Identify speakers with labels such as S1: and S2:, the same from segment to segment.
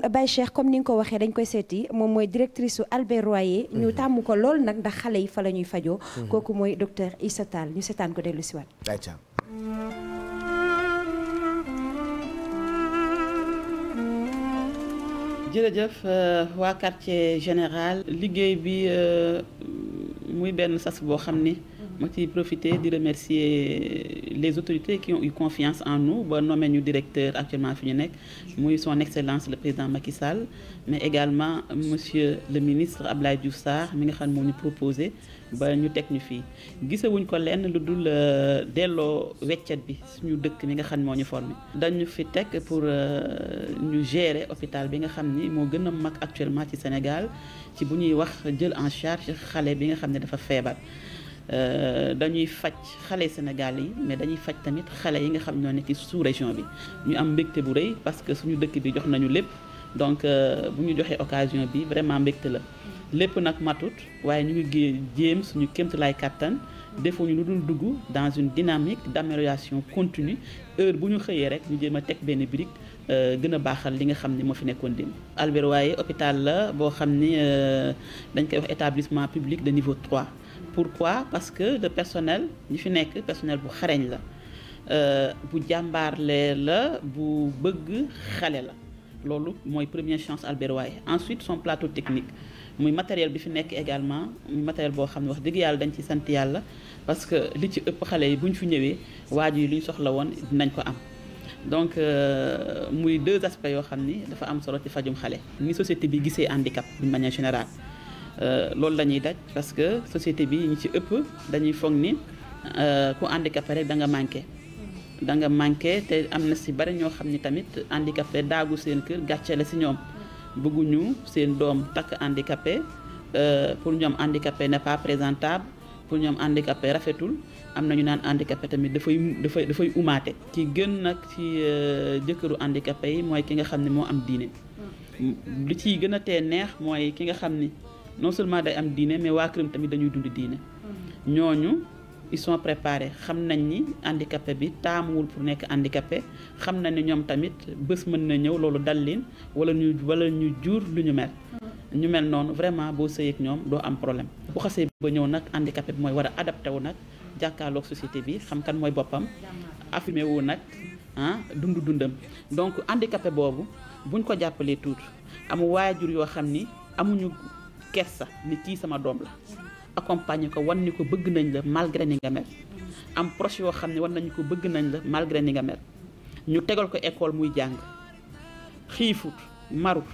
S1: Baye Cheikh comme ni nga ko waxee dañ koy seeti moom mooy directrice su Albert Royer ñu mhm. tàmm ko lool nag ndax xale yi fa la ñuy fajoo mhm. kooku mooy docteur Issa Tall ñu seetaan ko dellu si waat
S2: jërëjëf euh, waa quartier général liggéey bi euh, muy benn sas boo xam ni ma ciy profité di remercier les autorités qui ont eu confiance en nous ba nommé ñu directeur actuellement fi ñu nekk muy son excellence le président Macky Sall mais également monsieur le ministre abla Diouf Sarr mi nga xam moo ñu proposé ba ñu teg ñu fii gisewuñ ko lenn lu dul euh, delloo weccet bi suñu dëkk mi nga xam moo ñu formé dañu fi teg pour euh, ñu gérer hôpital bi nga xam ni moo gën a mag actuellement ci Sénégal ci bu ñuy wax jël en charge xale bi nga xam ne dafa feebar Euh, dañuy faj xale Sénégal yi mais dañuy faj tamit xale yi nga xam ñoo nekk ci sous région bi ñu am mbégte bu rëy parce que suñu dëkk bi jox nañu lépp donc euh, bu ñu joxee occasion bi vraiment mbégte la lépp nag matut waaye ñu ngi jéem suñu kéemtalaay kàttan defuñu lu dul dugg dans une dynamique d'amélioration continue heure bu ñu xëyee rek ñu jéem a teg benn brique euh, gën a baaxal li nga xam ni moo fi nekkoon démb. Albert waaye hôpital la boo xam ni dañ koy wax établissement public de niveau 3. pourquoi parce que le personnel ñi fi nekk personnel bu xareñ la euh, bu jàmbaarlee la bu bëgg xale la loolu mooy première chance Albert Waye ensuite son plateau technique muy matériel bi fi nekk également muy matériel boo xam ne wax dëgg yàlla dañ ci sant yàlla parce que li ci ëpp xale yi bu ñu fi ñëwee waaju yi lu ñu soxla woon dinañ ko am donc euh, muy deux aspects yoo xam ni dafa am solo ci fajum xale ni société bi gisee handicap d'une manière générale Euh, loolu lañuy daj parce que société bi ñu ci ëpp dañuy foog ni euh, ku handicapé rek da nga manqué. da nga manqué te am na si bari ñoo xam ni tamit handicapé daagu seen kër gàcce la si ñoom bëgguñu seen doom takk handicapé euh, pour ñoom handicapé n'est pas présentable pour ñoom handicapé rafetul am na ñu naan handicapé tamit dafay dafay dafay umaate. ki gën nag ci jëkkëru handicapé yi mooy ki nga xam ni moo am diine. Mm. li ciy gën a tee neex mooy ki nga xam ni. non seulement day am diine mais waa këram tamit dañuy dund diine ñooñu ils sont préparés xam nañ ni handicapé bi taamuwul pour nekk handicapé xam nañ ni ñoom tamit bés mën na ñëw loolu dal leen wala ñu wala ñu jur lu ñu mel ñu mel noonu vraiment boo sëyeeg ñoom doo am problème bu xasee ba ñëw nag handicapé bi mooy war a adapté wu nag jàkkaarloog société bi xam kan mooy boppam affirmé wu nag ah dund dundam donc handicapé boobu buñ ko jàppalee tuut am waajur yoo xam ni amuñu kersa ni kii sama doom la accompagner ko wan ni ko bëgg nañ la malgré ni nga mel am proche yoo xam ne wan nañu ko bëgg nañ la malgré ni nga mel ñu tegal ko école muy jàng xiifut marut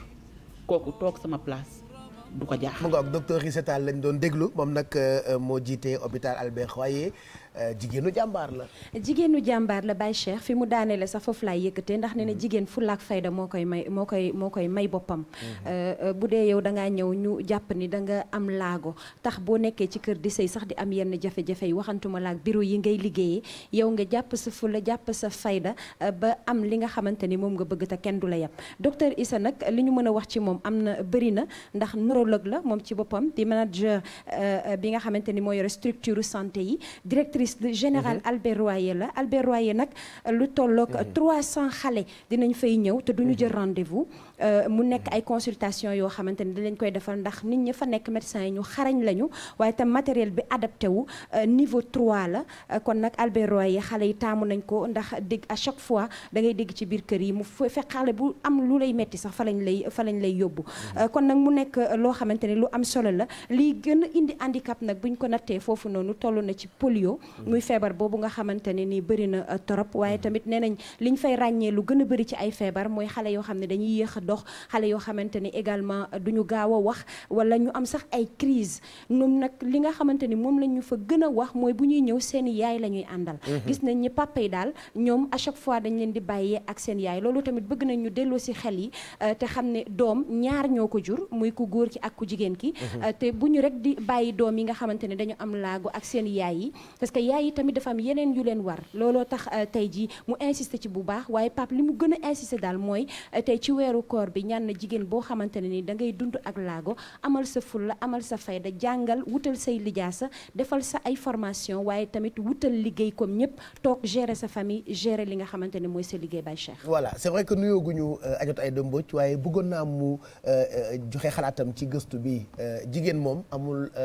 S2: kooku toog sama place du ko jaax mu ngoog docteur Issa Tall lañ doon déglu moom nag euh, moo jiitee hôpital Albert Royer euh, jigéenu jàmbaar la
S1: jigéenu jàmbaar la Baye Cheikh fi mu daanee la sax foofu laay yëkkatee ndax ne na mm-hmm. jigéen fulaak fayda moo koy may moo koy moo koy may boppam mm-hmm. euh, bu dee yow da ngaa ñëw ñu jàpp ni da nga am laago tax boo nekkee ci kër di sëy sax di am yenn jafe-jafe yi waxantuma laak biru yi ngay liggéeyee yow nga jàpp sa fula jàpp sa fayda ba am li nga xamante ni moom nga bëgg te kenn du la yem docteur Issa mën a wax ci moom am na bëri na neurologue la moom ci boppam di manager euh, bi nga xamante ni moo yore structure santé yi directrice générale mhm. Albert Royer la Albert Royer nag euh, lu tolloog 300 mhm. xale dinañ fay ñëw te duñu mhm. jël rendez-vous euh, mu nekk ay consultation yoo xamante ni dinañ koy defal ndax nit ñi fa nekk médecins yi ñu xarañ lañu waaye tam matériel bi adapté wu niveau trois la kon nag Albert Royer xale yi taamu nañ ko ndax dégg à chaque fois da ngay dégg ci biir kër yi mu fekk xale bu am lu lay metti sax fa lañ lay fa lañ lay yóbbu loo xamante ne lu am solo la lii gën a indi handicap nag buñ ko nattee foofu noonu toll na ci polio muy feebar boobu nga xamante ne nii bëri na uh, torop waaye mm-hmm. tamit nee nañ liñ fay ràññee lu gën a bëri ci ay feebar mooy xale yoo xam ne dañuy yéex a dox xale yoo xamante ne également duñu gaaw wax wala ñu am sax ay crise ñoom nag li nga xamante ni moom lañ ñu fa gën a wax mooy bu ñuy ñëw seen yaay la ñuy àndal mm-hmm. gis nañ ñi papa yi daal ñoom à chaque fois dañ leen di bàyyee ak seen yaay loolu tamit bëgg nañu ñu delloo si xel yi uh, te xam ne doom ñaar ñoo ko jur muy ku góor ki ki ak ku jigéen ki mhm. euh, te bu ñu rek di bàyyi doom yi nga xamante ne dañu am laago ak seen yaay yi parce que yaay yi tamit dafa am yeneen yu leen war looloo tax euh, tey ji mu insister ci bu baax waaye Pape li mu gën a insister daal mooy euh, tey ci weeru koor bi ñaan na jigéen boo xamante ne ni da ngay dund ak laago amal sa fulla amal sa fayda jàngal wutal say lijaasa defal sa ay formation waaye tamit wutal liggéey comme ñëpp toog gérer sa famille gere li nga xamante ne mooy sa liggéey bay Cheikh
S2: voilà c'est vrai que nuyoo guñu ajot ay waaye bëggoon naa mu joxe xalaatam ci ci gëstu bi euh, jigéen moom amul euh,